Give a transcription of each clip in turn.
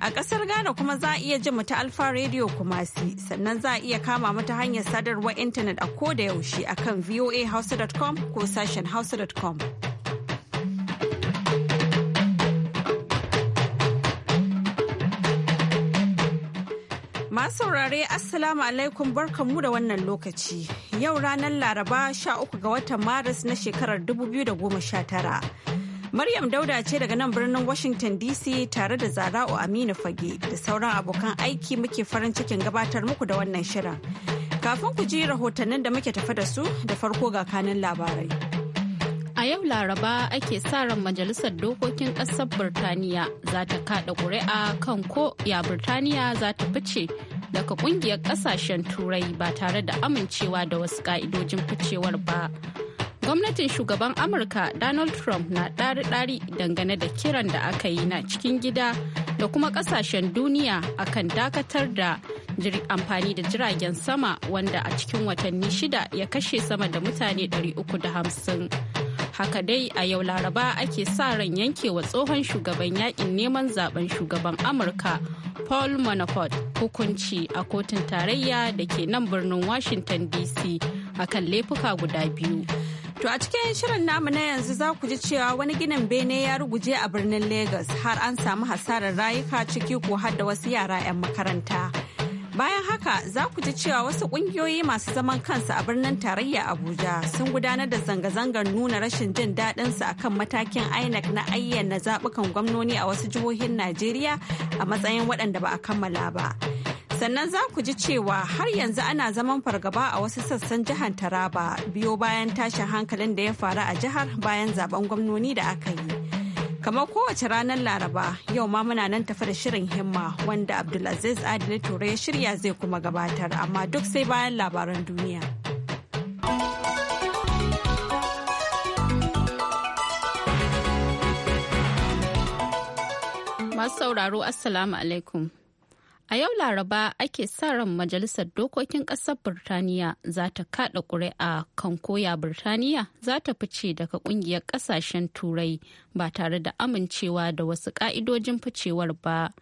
A ƙasar Ghana kuma za a iya ji mu ta Alfa Radio Kumasi sannan za a iya kama mu ta hanyar sadarwar intanet a ko da yaushe a kan voahouse.com ko sashen hausa.com. Masu saurare Assalamu alaikum barkanmu da wannan lokaci. Yau ranar Laraba 13 ga watan Maris na shekarar 2019. Maryam Dauda ce daga nan birnin Washington DC tare da Zara'u Aminu Fage da sauran abokan aiki muke farin cikin gabatar muku da wannan shirin. Kafin ku ji rahotannin da muke tafa da su da farko ga kanin labarai. A yau Laraba ake sa ran Majalisar Dokokin Ƙasar Birtaniya za ta kaɗa ƙuri'a kan ko ya Birtaniya za ta fice daga ƙungiyar ƙasashen Turai ba tare da amincewa da wasu ƙa'idojin ficewar ba. gwamnatin shugaban amurka donald trump na ɗari-ɗari dangane da kiran da aka yi na cikin gida da kuma ƙasashen duniya akan dakatar da amfani da jiragen sama wanda a cikin watanni shida ya kashe sama da mutane 350 haka dai a yau laraba ake sa ran yankewa tsohon shugaban yakin neman zaben shugaban amurka paul manafort hukunci a kotun tarayya da ke nan birnin washington dc akan laifuka guda biyu To a cikin shirin namu na yanzu za ku ji cewa wani ginin bene ya ruguje a birnin Legas har an samu hasarar rayuka ciki ko har da wasu yara 'yan makaranta. Bayan haka za ku ji cewa wasu kungiyoyi masu zaman kansu a birnin tarayya Abuja sun gudanar da zanga-zangar nuna rashin jin daɗinsu kan matakin INEC na ayyana zaɓukan gwamnoni a wasu jihohin Najeriya a matsayin waɗanda ba a kammala ba. sannan za ku ji cewa har yanzu ana zaman fargaba a wasu sassan jihar taraba biyo bayan tashin hankalin da ya faru a jihar bayan zaben gwamnoni da aka yi kamar kowace ranar laraba yau ma muna nan tafi da shirin himma wanda abdulaziz adili ture ya shirya zai kuma gabatar amma duk sai bayan labaran duniya masu sauraro assalamu alaikum A yau Laraba ake sa ran Majalisar Dokokin Ƙasar Birtaniya za ta kaɗa ƙuri'a kan koya Birtaniya za ta fice daga ƙungiyar ƙasashen Turai ba tare da amincewa da wasu ƙa'idojin ficewar ba.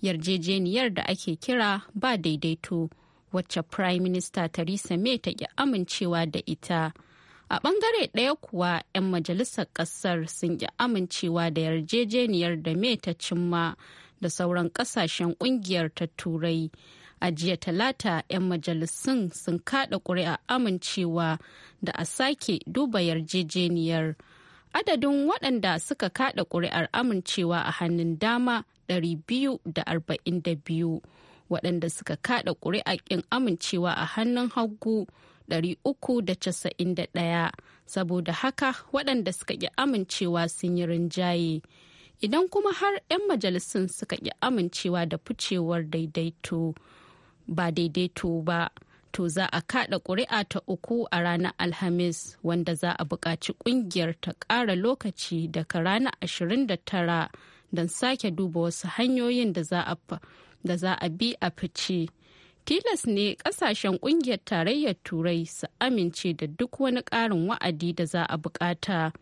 Yarjejeniyar da ake kira ba daidaito, wacce Prime Minister Theresa May ta ƙi amincewa da ita. A ɓangare ɗaya kuwa 'yan majalisar ƙasar sun ƙi amincewa da yarjejeniyar da me ta cimma da sauran kasashen kungiyar ta turai a jiya talata 'yan majalisun sun kada kuri'a amincewa da a sake duba yarjejeniyar adadin waɗanda suka kada ƙuri'ar amincewa a hannun dama 242 waɗanda suka kada ƙuri'a ƙin amincewa a hannun hagu 391 saboda haka waɗanda suka ƙi amincewa sun yi rinjaye. idan kuma har 'yan majalisun suka ƙi amincewa da ficewar daidaito ba daidaito ba to za a kada ƙuri'a ta uku a ranar alhamis wanda za a buƙaci ƙungiyar ta ƙara lokaci daga ranar 29 don sake duba wasu hanyoyin da za a bi a fice tilas ne ƙasashen ƙungiyar tarayyar turai su amince da duk wani ƙarin wa'adi da za a buƙata.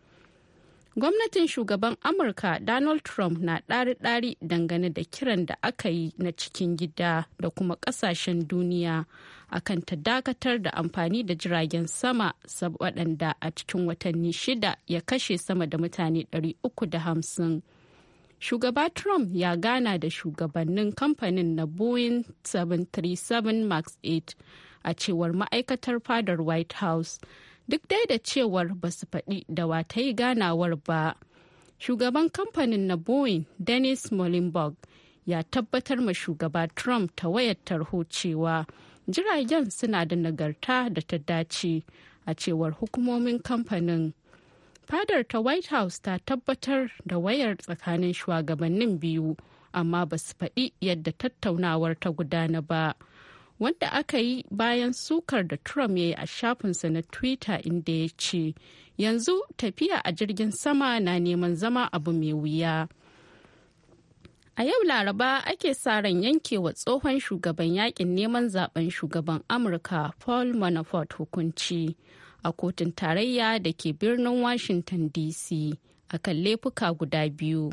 gwamnatin shugaban amurka donald trump na ɗari-ɗari dangane da kiran da aka yi na cikin gida da kuma ƙasashen duniya akan ta dakatar da amfani da jiragen sama waɗanda a cikin watanni shida ya kashe sama da mutane 350 shugaba trump ya gana da shugabannin kamfanin na boeing 737 max 8 a cewar ma'aikatar fadar white house duk dai da cewar ba su faɗi da wata yi ganawar ba shugaban kamfanin na boeing dennis molenberg ya tabbatar ma shugaba trump ta wayar tarho cewa jiragen suna da nagarta da ta dace a cewar hukumomin kamfanin fadar ta white house ta tabbatar da wayar tsakanin shugabannin biyu amma ba su faɗi yadda tattaunawar ta gudana ba. wanda aka yi bayan sukar da Trump ya yi a shafinsa na Twitter inda ya ce, "Yanzu tafiya a jirgin sama na neman zama abu mai wuya." A yau Laraba ake sa ran yankewa tsohon shugaban yakin neman zaben shugaban Amurka Paul Manafort hukunci a kotun tarayya da ke birnin Washington DC a kan laifuka guda biyu.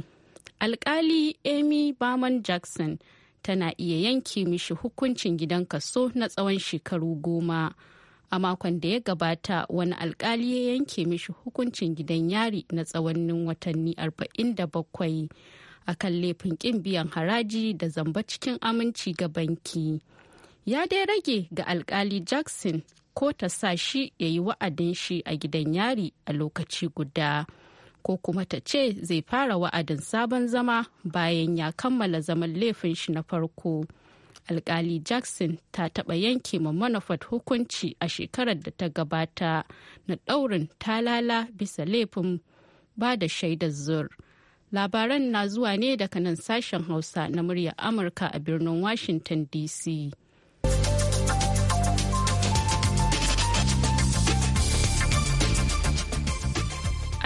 Alkali Amy baman Jackson tana iya yanke mishi hukuncin gidan kaso na tsawon shekaru goma a makon da ya gabata wani alkali ya yanke mishi hukuncin gidan yari na tsawannin watanni 47 a kan laifin kin biyan haraji da zamba cikin aminci ga banki ya dai rage ga alkali jackson ko ta sa shi ya yi wa'adin shi a gidan yari a lokaci guda. ko kuma ta ce zai fara wa'adin sabon zama bayan ya kammala zaman laifin shi na farko. alkali jackson ta taɓa yanke ma manafat hukunci a shekarar da ta gabata na ɗaurin talala bisa laifin ba da shaidar zur labaran na zuwa ne daga nan sashen hausa na murya amurka a birnin washington dc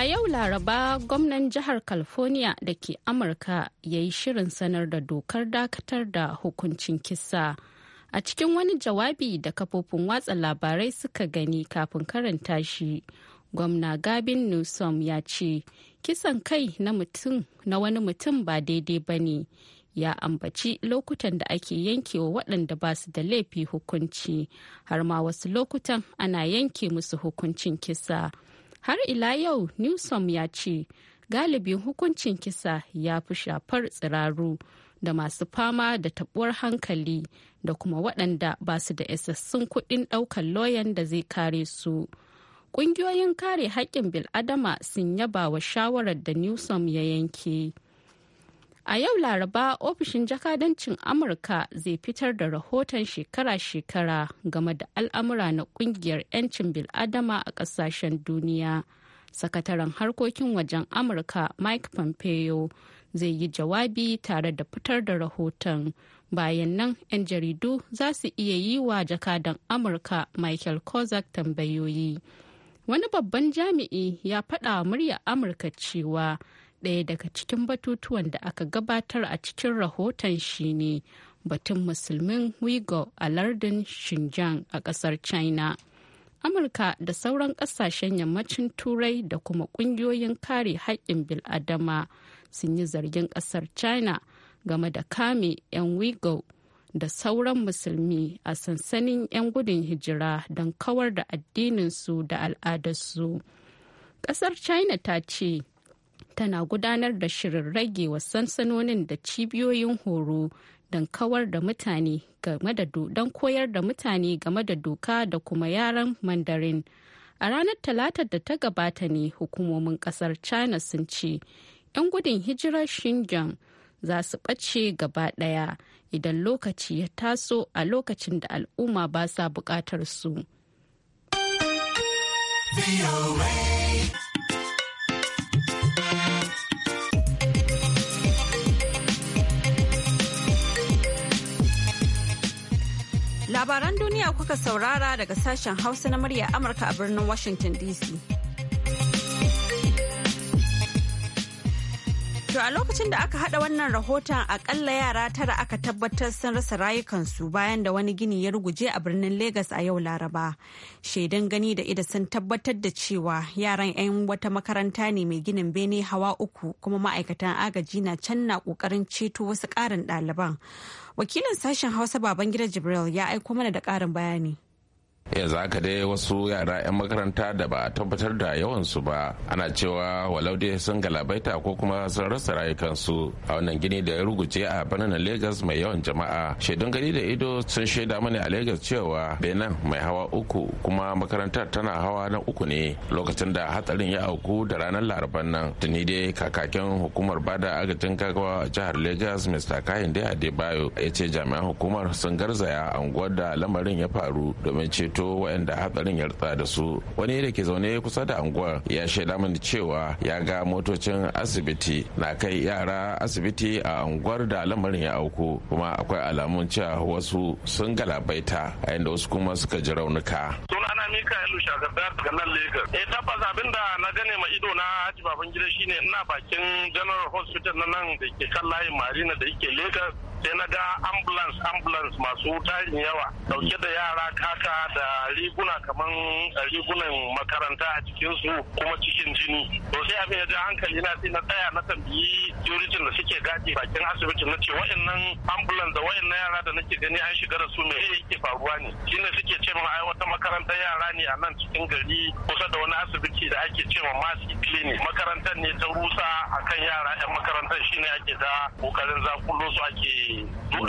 A yau Laraba gwamnan jihar California da ke Amurka ya yi shirin sanar da dokar dakatar da hukuncin kisa. A cikin wani jawabi da kafofin watsa labarai suka gani kafin karanta shi, gwamna gabin Newsom ya ce, kisan kai na mutum na wani mutum ba daidai ba ne. Ya ambaci lokutan da ake yankewa waɗanda ba su da laifi hukunci, har ma wasu lokutan ana yanke musu hukuncin kisa. har ila yau newsom ya ce galibin hukuncin kisa ya fi shafar tsiraru da masu fama da tabuwar hankali da kuma waɗanda ba su da isassun kuɗin ɗaukar loyan da zai kare su ƙungiyoyin kare haƙƙin bil'adama sun yaba wa shawarar da newsom ya yanke. A yau Laraba ofishin jakadancin Amurka zai fitar da rahoton shekara-shekara game da al'amura na kungiyar 'yancin bil'adama a ƙasashen duniya. Sakataren harkokin wajen Amurka Mike Pompeo zai yi jawabi tare da fitar da rahoton. Bayan nan 'yan jaridu za su iya yi wa jakadan Amurka Michael Kozak tambayoyi. Wani babban jami'i ya faɗa murya Amurka cewa ɗaya daga cikin batutuwan da aka gabatar a cikin rahoton shi ne batun musulmin wigo a lardin xinjiang a ƙasar china amurka da sauran ƙasashen yammacin turai da kuma ƙungiyoyin kare haƙƙin bil'adama sun yi zargin ƙasar china game da kame 'yan wigo da sauran musulmi a sansanin 'yan gudun hijira don kawar da addininsu da al'adarsu. Ƙasar China ta ce tana gudanar da shirin rage wa sansanonin da cibiyoyin horo don kawar da mutane game da don koyar da mutane game da doka da kuma yaran mandarin a ranar talatar da ta gabata ne hukumomin kasar china sun ce 'yan gudun hijirar xinjiang za su ɓace gaba ɗaya idan lokaci ya taso a lokacin da al'umma ba sa buƙatar su. Labaran duniya kuka saurara daga sashen Hausa na murya Amurka a birnin Washington DC. To a lokacin da aka hada wannan rahoton akalla yara tara aka tabbatar sun rasa rayukansu bayan da wani gini ya ruguje a birnin Legas a yau Laraba. Shaidan gani da ida sun tabbatar da cewa yaran 'yan wata makaranta ne mai ginin bene hawa uku kuma ma'aikatan agaji na can na kokarin ceto wasu karin ɗaliban. wakilin sashen hausa baban gida jibril ya aiko mana da ƙarin bayani yanzu haka dai wasu yara 'yan makaranta da ba a tabbatar da yawansu ba ana cewa walau dai sun galabaita ko kuma sun rasa rayukansu a wannan gini da ya ruguje a birnin lagos mai yawan jama'a shaidun gani da ido sun shaida mani a lagos cewa benin mai hawa uku kuma makarantar tana hawa na uku ne lokacin da hatsarin ya auku da ranar laraban nan tuni dai kakakin hukumar bada agajin gagawa a jihar lagos mr kahin adebayo ya ce jami'an hukumar sun garzaya anguwar da lamarin ya faru domin ceto ceto waɗanda hatsarin ya rutsa da su wani da ke zaune kusa da anguwar ya shaida mini cewa ya ga motocin asibiti na kai yara asibiti a anguwar da lamarin ya auku kuma akwai alamun cewa wasu sun galabaita a inda wasu kuma suka ji raunuka sunana mikaelu shagarda daga nan lagos eh tabbas abin da na gane ma ido na haji baban gida shine ina bakin general hospital na nan da ke kan layin marina da yake lagos sai na ga ambulance ambulance masu tarin yawa dauke da yara kaka da da riguna kaman eh, rigunan makaranta a cikinsu kuma cikin jini to sai abin ya ji hankali na sai na tsaya na tambayi jurikin da suke gaji bakin asibitin na ce wa'annan ambulan da wa'annan yara da nake gani an shiga da su me yake faruwa ne ne suke ce min ai wata makarantar yara ne a nan cikin gari kusa da wani asibiti da ake ce ma masi clinic makarantar ne ta rusa akan yara yan makarantar shine ake da kokarin zakulo su ake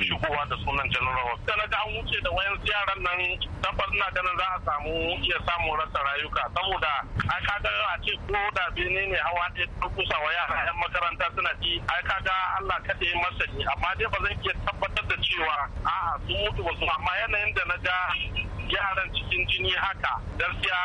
shigowa da sunan general da an wuce da wayan yaran nan tabbas ina ganin za a samu iya samu rasa rayuka saboda ai ka ga a ce ko da bene ne hawa ɗaya ta kusa wa yara yan makaranta suna ci ai ka ga Allah masa masani amma dai ba zan iya tabbatar da cewa a'a sun mutu ba su amma yanayin da na ga yaran cikin jini haka gaskiya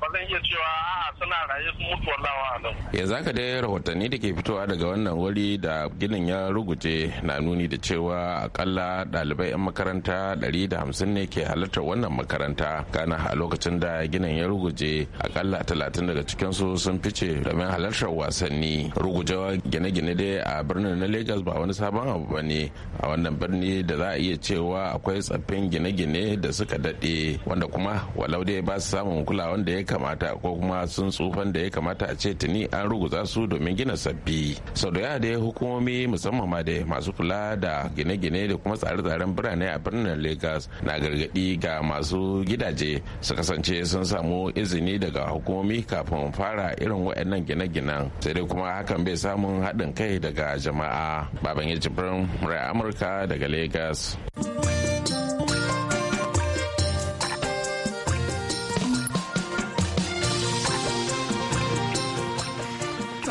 ba zan iya cewa a suna raye su mutu wallawa nan yanzu haka dai rahotanni da ke fitowa daga wannan wuri da ginin ya ruguje na nuni da cewa akalla ɗalibai 'yan makaranta 150 ne ke halartar wannan makaranta kana a lokacin da ginin ya ruguje akalla 30 daga cikinsu sun fice domin halartar wasanni rugujewa gine-gine dai a birnin na lagos ba wani sabon abu ba ne a wannan birni da za a iya cewa akwai tsaffin gine-gine da suka daɗe wanda kuma walau dai ba su samun kulawan da ya kamata ko kuma sun tsufan da ya kamata a ce tuni an ruguza su domin gina sabbi sau da yawa dai hukumomi musamman ma da masu kula da gine-gine da kuma tsare-tsaren birane a birnin lagos na gargadi ga masu gidaje su kasance sun samu izini daga hukumomi kafin fara irin waɗannan gine-ginen sai dai kuma hakan bai samun haɗin kai daga jama'a baban ya jibrin murai amurka daga lagos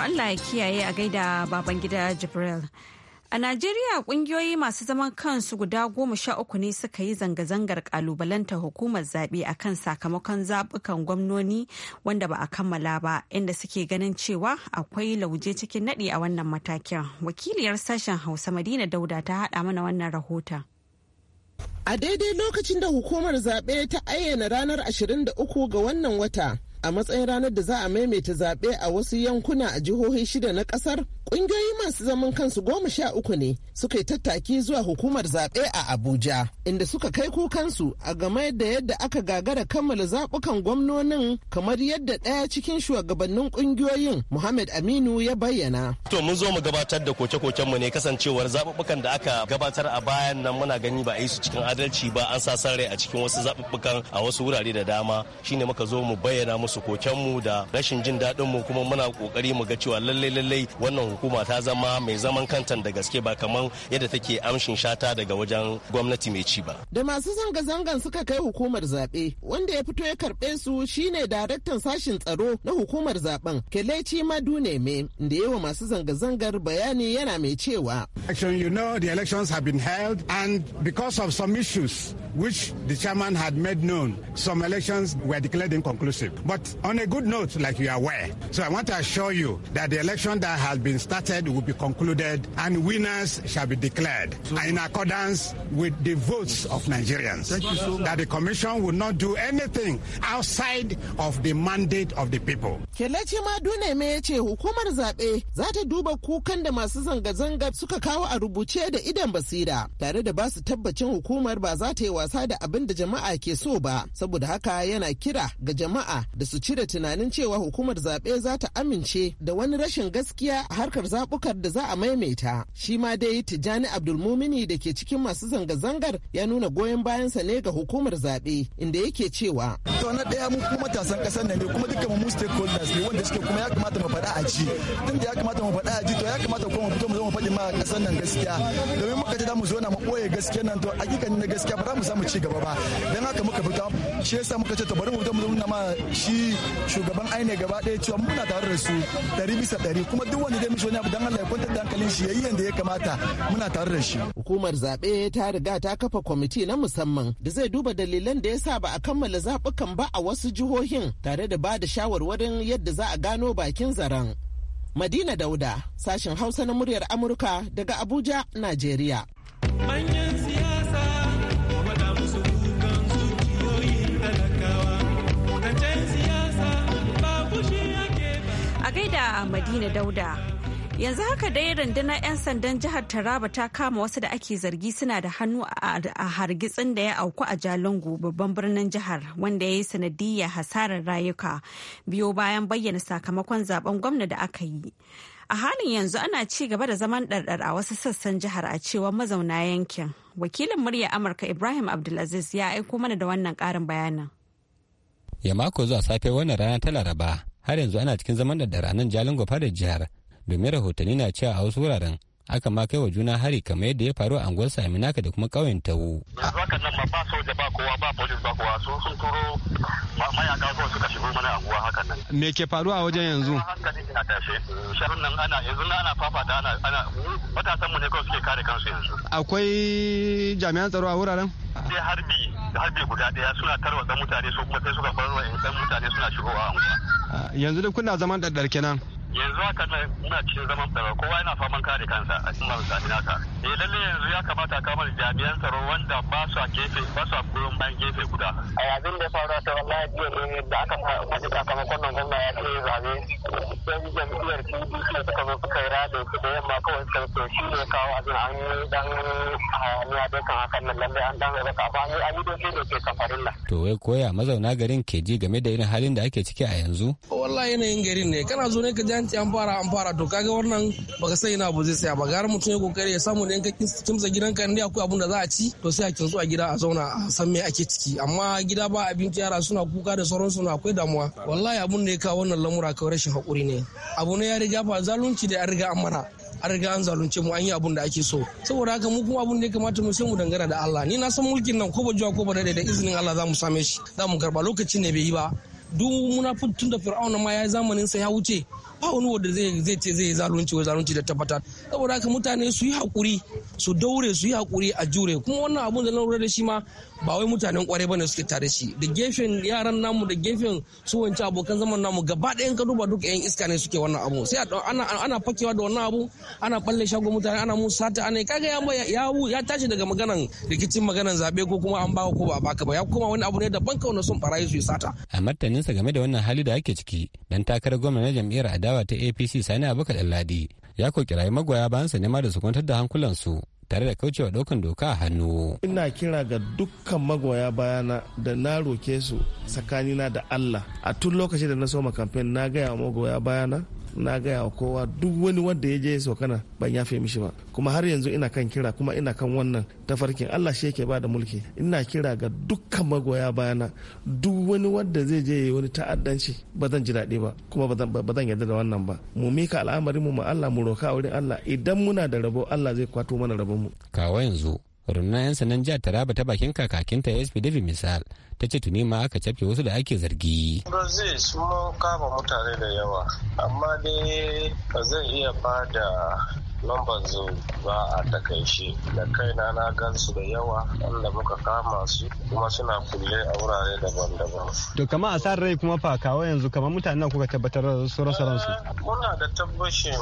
Allah ya kiyaye a gaida baban gida Jibril. A Najeriya kungiyoyi masu zaman kansu guda goma sha uku ne suka yi zanga-zangar kalubalanta hukumar zaɓe a kan sakamakon zaɓukan gwamnoni wanda ba a kammala ba inda suke ganin cewa akwai lauje cikin naɗi a wannan matakin. Wakiliyar sashen Hausa Madina Dauda ta haɗa mana wannan rahota. A daidai lokacin da hukumar zaɓe ta ayyana ranar 23 ga wannan wata, a matsayin ranar da za a maimaita zaɓe a wasu yankuna a jihohi shida na ƙasar ƙungiyoyi masu zaman kansu goma sha uku ne suka yi tattaki zuwa hukumar zaɓe a abuja inda suka kai kukansu a game da yadda aka gagara kammala zaɓukan gwamnonin kamar yadda ɗaya cikin shugabannin ƙungiyoyin muhammad aminu ya bayyana. to mun zo mu gabatar da koke-koken mu ne kasancewar zaɓuɓɓukan da aka gabatar a bayan nan muna gani ba a yi su cikin adalci ba an sa rai a cikin wasu zaɓuɓɓukan a wasu wurare da dama shine muka zo mu bayyana musu musu mu da rashin jin daɗin mu kuma muna kokari mu ga cewa lallai lallai wannan hukuma ta zama mai zaman kanta da gaske ba kamar yadda take amshin shata daga wajen gwamnati mai ci ba. Da masu zanga-zangan suka kai hukumar zaɓe wanda ya fito ya karɓe su shine daraktan sashin tsaro na hukumar zaben Kelechi Maduneme da yawa masu zanga-zangar bayani yana mai cewa. Action you know the elections have been held and because of some issues which the chairman had made known some elections were declared inconclusive but on a good note, like you are aware. So I want to assure you that the election that has been started will be concluded and winners shall be declared so in accordance with the votes of Nigerians. So that the commission will not do anything outside of the mandate of the people. Kelechi Madune me yace ce hukumar zaɓe za ta duba kukan da masu zanga-zanga suka kawo a rubuce da idan basira tare da basu tabbacin hukumar ba za ta yi wasa da abin da jama'a ke so ba saboda haka yana kira ga jama'a da su su cire tunanin cewa hukumar zaɓe za ta amince da wani rashin gaskiya a harkar zaɓukar da za a maimaita. Shi ma dai Tijjani Abdulmumini da ke cikin masu zanga-zangar ya nuna goyon bayansa ne ga hukumar zaɓe inda yake cewa. a ji. da ya kamata mu faɗa ya kamata kuma mu fito mu muka ji zo na ba za ma shi yi shugaban aine gaba ɗaya cewa muna tare da su ɗari bisa ɗari kuma duk wanda zai mishi wani abu don Allah ya kwantar da hankalin shi yi yanda ya kamata muna tare da shi. Hukumar zaɓe ta riga ta kafa kwamiti na musamman da zai duba dalilan da ya sa ba a kammala zaɓukan ba a wasu jihohin tare da ba da shawarwarin yadda za a gano bakin zaren. Madina Dauda, sashen Hausa na muryar Amurka daga Abuja, Najeriya. Manyan a Madina Dauda. Yanzu haka dai rundunar 'yan sandan jihar Taraba ta kama wasu da ake zargi suna da hannu a hargitsin da ya auku a Jalingo babban birnin jihar wanda ya yi sanadiyya hasarar rayuka biyo bayan bayyana sakamakon zaben gwamna da aka yi. A halin yanzu ana ci gaba da zaman ɗarɗar a wasu sassan jihar a cewa mazauna yankin. Wakilin murya Amurka Ibrahim Abdulaziz ya aiko mana da wannan ƙarin bayanin. Ya mako zuwa safe wannan rana ta Laraba, har yanzu ana cikin zaman da ranar jalin gwafa da jihar domin rahotanni na cewa a wasu wuraren aka ma kai wa juna hari kamar yadda ya faru a anguwar saminaka da kuma ƙauyen tawo. yanzu haka nan ma ba soja ba kowa ba polis ba kowa sun sun turo mayaka zuwa suka shigo mana anguwa hakan nan. me ke faruwa a wajen yanzu. hankali na tashe sharin nan ana yanzu na ana fafata ana ana matasan mu ne kawai suke kare kansu yanzu. akwai jami'an tsaro a wuraren. sai harbi da harbe guda daya suna tarwatsa mutane su kuma sai suka bar wa mutane suna shigowa a ah, yanzu duk kuna zaman ɗaɗɗar kenan. yanzu haka na ina cikin zaman tsaro kowa yana faman kare kansa a cikin marusafi nasa eh lalle yanzu ya kamata kama da jami'an tsaro wanda ba su a gefe ba su a goyon bayan gefe guda a yanzu da faruwa ta wallahi jiya ne da aka faɗi sakamakon nan gwamna ya ce zabe yan jam'iyyar PDP suka zo suka yi rado su da yamma kawai suka to shi ne kawo abin an yi dan hayaniya da kan hakan nan lalle an dan raba kafa ni a doke da ke kafarin nan to wai koya mazauna garin ke ji game da irin halin da ake ciki a yanzu wallahi yanayin garin ne kana zo ne ka ji an an fara an fara to kaga wannan baka sai ina abu zai saya ba gara mutum ya kokari ya samu ne in ka gidan ka ne akwai abun da za a ci to sai a kinsu a gida a zauna a san me ake ciki amma gida ba abinci yara suna kuka da sauransu na akwai damuwa wallahi abun da ya kawo wannan lamura kawai rashin hakuri ne abu ne ya riga fa zalunci da ya riga an mana an riga an zalunce mu an yi abun da ake so saboda haka mu kuma abun da ya kamata mu sai mu dangana da Allah ni na san mulkin nan ko ba jiwa ko ba da izinin Allah za mu same shi za mu karba lokacin ne bai yi ba duk munafin tun da fir'auna ma ya zamanin sa ya wuce ba wani wanda zai ce zai zalunci wai zalunci da tabbata saboda haka mutane su yi hakuri su daure su yi hakuri a jure kuma wannan abun da na lura da shi ma ba wai mutanen kwarai bane suke tare shi da gefen yaran namu da gefen su wanci abokan zaman namu gaba ɗayan ka duba duka yan iska ne suke wannan abu sai ana ana fakewa da wannan abu ana balle shago mutane ana musu sata ana kaga ya ya ya tashi daga maganan rikicin maganan zabe ko kuma an bawa ko ba baka ba ya kuma wani abu ne daban kawai sun barayi su yi sata a sa game da wannan hali da ake ciki dan takarar gwamnati na jam'iyyar adawa ta apc sani abubakar ladi ya ko kirayi magoya bayansa nema da su kwantar da hankulansu tare da kaucewa daukan doka a hannu. Ina kira ga dukkan magoya bayana da na roke su tsakanina da Allah. A tun lokacin da na soma kamfen na gaya wa magoya bayana na gaya wa kowa duk wani wanda ya je ya sokana ban ya fi mishi ba kuma har yanzu ina kan kira kuma ina kan wannan tafarkin Allah shi yake ba da mulki ina kira ga dukkan magoya bayana duk wani wanda zai je ya wani ta'addanci ba zan ji daɗi ba kuma ba zan yarda da wannan ba mu mika al'amarin mu ma Allah mu roka wurin Allah idan muna da rabo Allah zai kwato mana rabon mu kawai yanzu rundunar 'yan sanan jihar taraba ta bakin kakakinta sp david misal ta ce tuni ma aka cafke wasu da ake zargi ba zai sun kama mutane da yawa amma dai ba zai iya ba lambar zo ba a takaice da kaina na gansu da yawa wanda muka kama su kuma suna kulle a wurare daban-daban. To kama a sa rai kuma fakawa kawo yanzu kamar mutanen kuka tabbatar su rasa eh, ransu. Muna da tabbashin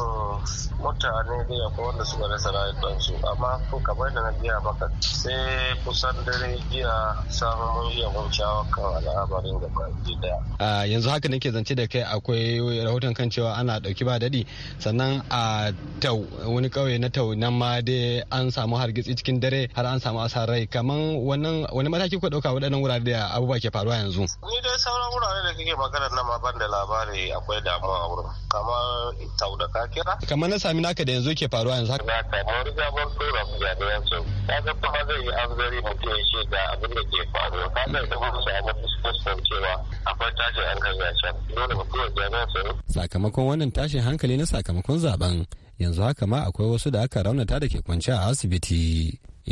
mutane da wanda suka rasa rayukansu amma ko kamar da na biya maka sai kusan dare jiya samu mun iya wucewa kan al'amarin da baki da. A yanzu haka nake zance da kai akwai rahoton kan cewa ana ɗauki ba dadi sannan a tau wani kauye na taunan ma dai an samu hargitsi cikin dare har an samu asarar rai kaman wannan wani mataki ku dauka waɗannan wurare da abubuwa ke faruwa yanzu ni dai sauran wurare da kike magana nan ma ban da labari akwai damuwa a wurin kamar tau da kira kamar na sami naka da yanzu ke faruwa yanzu haka na kamar gabar tura mu da yanzu ga kuma zai yi azgari mu ke ce da abin da ke faruwa ga da kuma samu fuskantar cewa akwai tashin hankali a can dole mutum kuma jami'a sai sakamakon wannan tashin hankali na sakamakon zaben yanzu haka ma akwai wasu da aka raunata da ke kwance a asibiti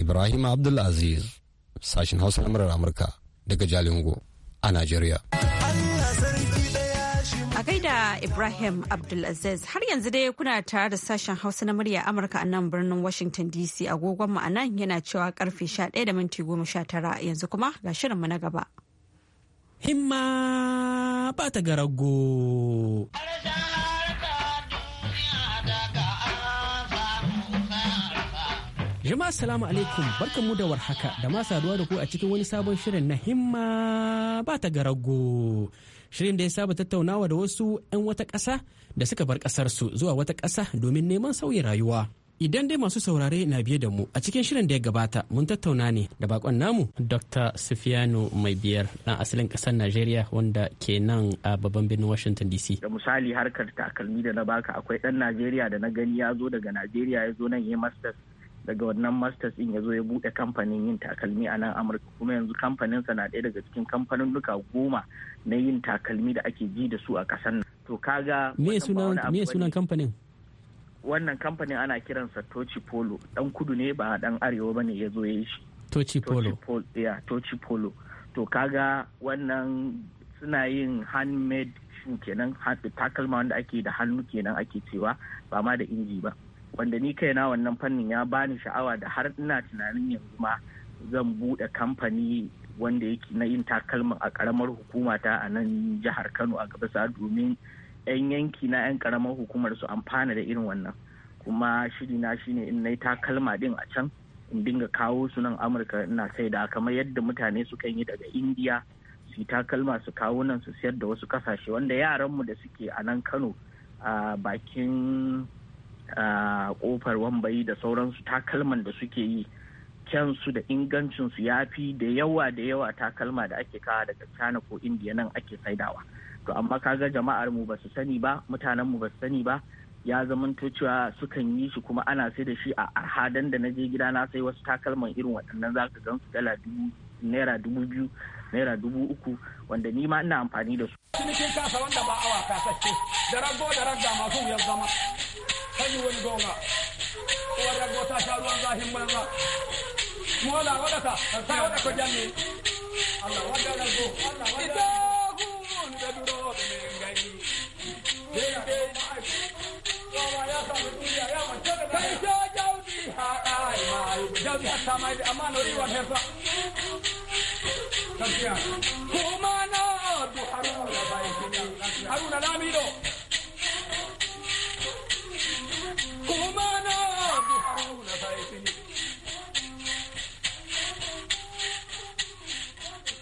ibrahim abdulaziz sashen hausa na amurka daga jalingo a najeriya a gaida ibrahim abdulaziz har yanzu dai kuna tare da sashen hausa na murya amurka a nan birnin washington dc agogon a nan yana cewa karfe 11 da minti tara yanzu kuma ga shirinmu na gaba himma ba ta garago Jama'a salamu alaikum mu da warhaka da ma saduwa da ku a cikin wani sabon shirin na himma ba ta garago. Shirin da ya saba tattaunawa da wasu 'yan wata ƙasa da suka bar ƙasarsu zuwa wata ƙasa domin neman sauyin rayuwa. Idan dai masu saurare na biye da mu a cikin shirin da ya gabata mun tattauna ne da bakon namu Dr. Sufiyano mai biyar ɗan asalin ƙasar Najeriya wanda ke nan a babban birnin Washington DC. Da misali harkar takalmi da na baka akwai ɗan Najeriya da na gani ya zo daga Najeriya ya zo nan ya masters daga wannan masters in ya zo ya buɗe kamfanin yin takalmi a nan amurka kuma yanzu kamfaninsa na ɗaya daga cikin kamfanin duka goma na yin takalmi da ake ji da su a ƙasar nan to kaga me sunan kamfanin wannan kamfanin ana kiransa tochi polo dan kudu ne ba dan arewa bane ya zo ya yi shi tochi polo ya polo to kaga wannan suna yin handmade shoe kenan takalma wanda ake da hannu kenan ake cewa ba ma da inji ba wanda ni kai na wannan fannin ya bani sha'awa da har ina tunanin yanzu ma zan buɗe kamfani wanda yake na yin takalma a karamar hukuma ta a nan jihar kano a gabasa domin 'yan yanki na 'yan karamar hukumar su amfana da irin wannan kuma shiri na shine in nayi takalma din a can in dinga kawo su nan amurka ina sai da kamar yadda mutane su kan yi daga indiya su yi takalma su kawo nan su siyar da wasu kasashe wanda yaran mu da suke a nan kano a bakin kofar wambayi da sauransu takalman da suke yi kyansu da ingancinsu ya fi da yawa da yawa takalma da ake kawa daga china ko indiya nan ake saidawa to amma kaga jama'ar mu ba su sani ba mutanen mu ba su sani ba ya zamanto cewa sukan yi shi kuma ana sai da shi a arhadan da na je gida na sai wasu takalman irin waɗannan zaka gan su dala dubu naira dubu biyu naira dubu uku wanda ni ma ina amfani da su. Cinikin kasa wanda ba awa kasashe da rago da masu wuyar zama kañum woni gonga o waɗa gota sa ɗuwanga himmol nga moola waɗata sa waɗa ko janni allah waddagal go itagumon ɓeɗuroɓe min gayi deydey ɗoma yataɓe ɗuya yama ceɗeay so jawdi ha ɗaay maayo jawdi hattamayde amma no riwan herta tantiya kumana du haruna baytini haruna laamiɗo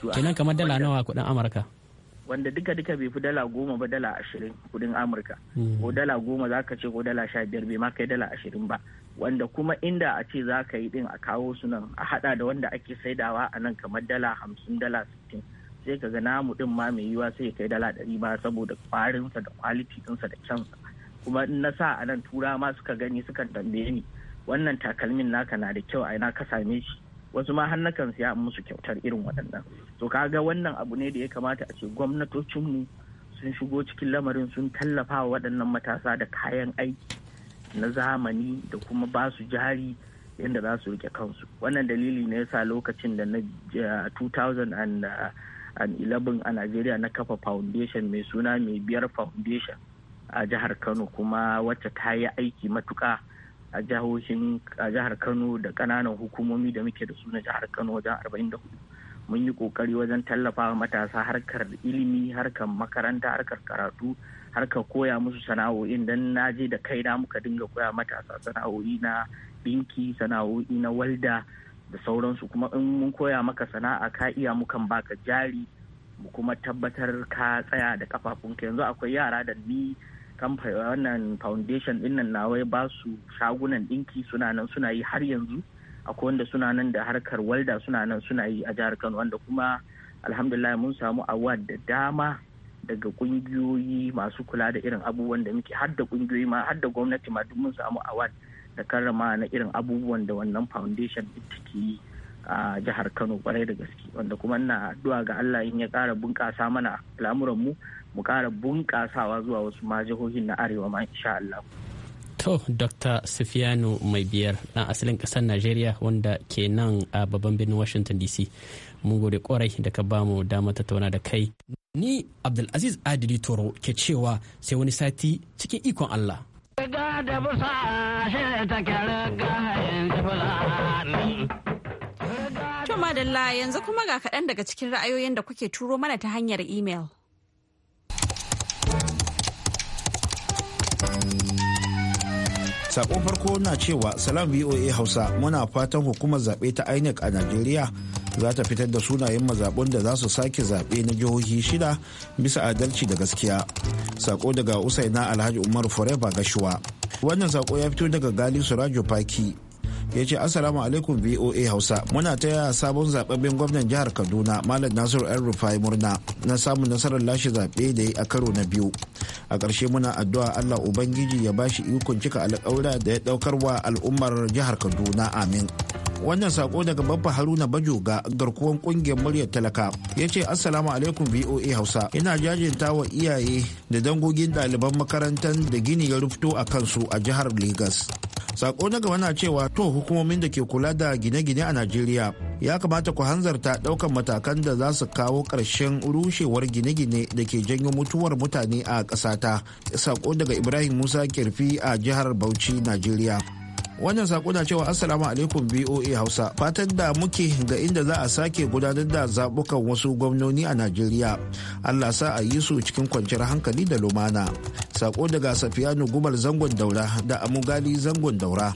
kenan kamar dala nawa kudin amurka wanda duka duka bai fi dala goma ba dala ashirin kudin amurka hmm. ko dala goma za ka ce ko dala sha biyar bai ma kai dala ashirin ba wanda kuma inda a ce za ka yi din a kawo su nan a hada da wanda ake saidawa a nan kamar dala hamsin dala sittin sai ka ga namu din ma mai yiwa sai ya kai dala ɗari ba saboda kwarinsa da kwaliti ɗinsa da kyansa kuma in na sa a nan tura ma suka gani sukan tambaye ni wannan takalmin naka na da kyau a ina ka same shi wasu ma har nakan siya musu kyautar irin waɗannan to ga wannan abu ne da ya kamata a ce gwamnatocinmu sun shigo cikin lamarin sun tallafa wa waɗannan matasa da kayan aiki na zamani da kuma ba su jari yadda za su rike kansu wannan dalili ne yasa lokacin da na 2011 a najeriya na kafa foundation mai suna mai biyar foundation a jihar kano kuma wacce ta yi aiki matuka a jihohin a jihar kano da kananan hukumomi da muke da su na jihar kano wajen arba'in da hudu mun yi kokari wajen tallafawa matasa harkar ilimi harkar makaranta harkar karatu harkar koya musu sana'o'i dan na je da kaina muka dinga koya matasa sana'o'i na ɗinki sana'o'i na walda da sauransu kuma in mun koya maka sana'a ka iya mukan baka jari mu kuma tabbatar ka tsaya da kafafunka yanzu akwai yara da ni kamfani wannan foundation din nan na wai ba su shagunan dinki suna nan suna yi har yanzu akwai wanda suna nan da harkar walda suna nan suna yi a jihar Kano wanda kuma alhamdulillah mun samu award da dama daga kungiyoyi masu kula da irin abubuwan da muke har da kungiyoyi ma har da gwamnati ma duk mun samu award da karrama na irin abubuwan da wannan foundation din take yi a jihar Kano kwarai da gaske wanda kuma ina addu'a ga Allah in ya kara bunƙasa mana al'amuran mu mu kara bunƙasawa zuwa wasu ma jihohin na arewa ma insha Allah. To, Dr. Sufiyanu mai biyar ɗan asalin ƙasar Najeriya wanda ke nan a babban birnin Washington DC. Mun gode kwarai da ka bamu ta tattauna da kai. Ni Abdulaziz Adili Toro ke cewa sai wani sati cikin ikon Allah. Riga da yanzu kuma ga kaɗan daga cikin ra'ayoyin da kuke turo mana ta hanyar imel. sakon farko na cewa salam voa hausa muna fatan hukumar zaɓe ta inec a najeriya za ta fitar da sunayen mazaɓun da za su sake zaɓe na jihohi shida bisa adalci da gaskiya sako daga usaina alhaji umar forever gashuwa wannan sako ya fito daga gali surajo paki ya ce assalamu alaikum voa hausa muna ta yaya sabon zababben gwamnan jihar kaduna malam nasiru yan rufai murna na samun nasarar lashe zaɓe da ya a karo na biyu a ƙarshe muna addu'a allah ubangiji ya ba shi ikon cika alƙawura da ya ɗaukar wa al'ummar jihar kaduna amin wannan sako daga babba haruna bajoga garkuwan ƙungiyar muryar talaka ya ce assalamu alaikum voa hausa ina jajinta wa iyaye da dangogin ɗaliban makarantar da gini ya rufto a kansu a jihar Legas. sako na gaba na cewa to hukumomin da ke kula da gine-gine a najeriya ya kamata ku hanzarta daukan matakan da za su kawo ƙarshen rushewar gine-gine da ke janyo mutuwar mutane a ƙasata sako daga ibrahim musa kirfi a jihar bauchi najeriya wannan sako na cewa assalamu alaikum boa hausa fatan da muke ga inda za a sake gudanar da zabukan wasu gwamnoni a najeriya allah sa a yi su cikin kwanciyar hankali da lumana sako daga safiyanu gumar zangon daura da amugali zangon daura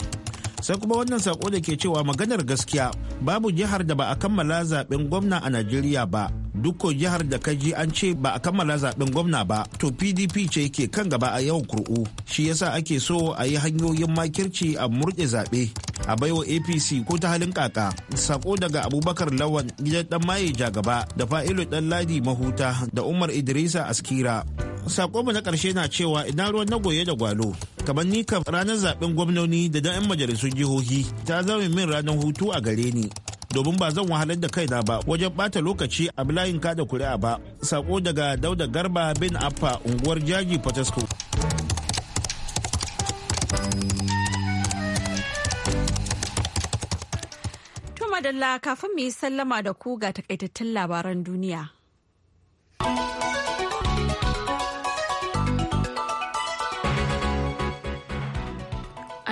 sai kuma wannan sako da ke cewa maganar gaskiya babu jihar da ba a kammala zaben gwamna a najeriya ba dukko jihar da kaji an ce ba a kammala zaben gwamna ba to pdp ce ke kan gaba a yawan kur'u shi yasa ake so a yi hanyoyin makirci a murƙe zaɓe a baiwa apc ko ta halin kaka sako daga abubakar lawan gidan dan maye ja-gaba da fa'ilu dan ladi mahuta da umar idrisa askira sako mu na ƙarshe na cewa idan ruwan na goye da gwalo kamar ni kam ranar zaben gwamnoni da dan majalisun jihohi ta zama min ranar hutu a gare ni domin ba zan wahalar da kaina ba wajen bata lokaci a layin kada kuri'a ba sako daga dauda garba bin affa unguwar jaji potasco madalla kafin mu yi sallama da ku ga takaitattun labaran duniya.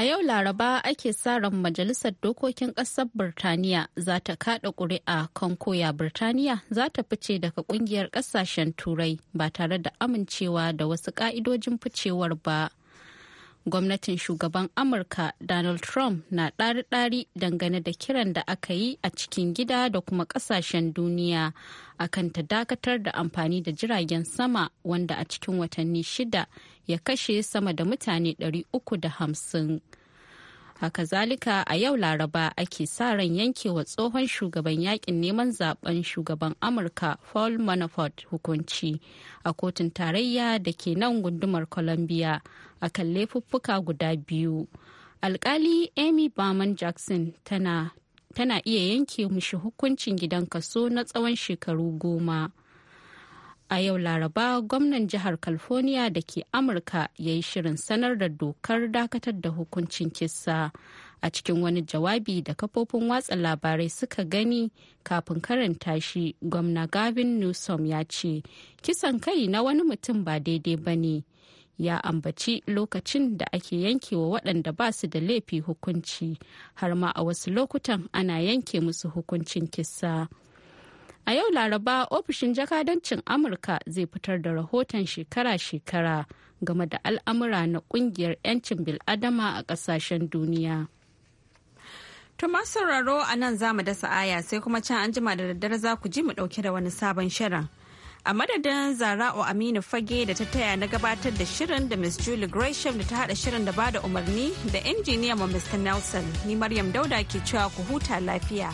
A yau Laraba ake sa ran Majalisar Dokokin Ƙasar Birtaniya za ta kaɗa ƙuri'a kan koya Birtaniya za ta fice daga ƙungiyar ƙasashen Turai ba tare da amincewa da wasu ƙa'idojin ficewar ba. Gwamnatin shugaban Amurka Donald Trump na ɗari-ɗari dangane da kiran da aka yi a cikin gida da kuma ƙasashen duniya a kan ta dakatar da amfani da jiragen sama wanda a cikin watanni shida ya kashe sama da mutane 350. haka zalika a yau laraba ake sa ran yankewa tsohon shugaban yakin neman zaben shugaban amurka paul manafort hukunci a kotun tarayya da ke nan gundumar columbia a kan laifuffuka guda biyu alkali amy Berman jackson tana iya yanke mishi hukuncin gidan kaso na tsawon shekaru goma a yau laraba gwamnan jihar california da ke amurka ya yi shirin sanar da dokar dakatar da hukuncin kisa a cikin wani jawabi da kafofin watsa labarai suka gani kafin karanta shi gwamna gavin newsom ya ce kisan kai na wani mutum ba daidai ba ne ya ambaci lokacin da ake yankewa waɗanda ba su da laifi hukunci har ma a wasu lokutan ana yanke musu hukuncin kisa. A yau Laraba ofishin jakadancin Amurka zai fitar da rahoton shekara-shekara game da al'amura na kungiyar 'yancin bil'adama a ƙasashen duniya. masu sauraro a nan za mu dasa aya sai kuma can an jima da daddare za ku ji mu ɗauke da wani sabon shirin. A madadin Zara'u Aminu Fage da ta taya na gabatar da shirin da Miss Julie Gresham da ta hada shirin da bada umarni da injiniya ma Mr. Nelson, ni Maryam Dauda ke cewa ku huta lafiya.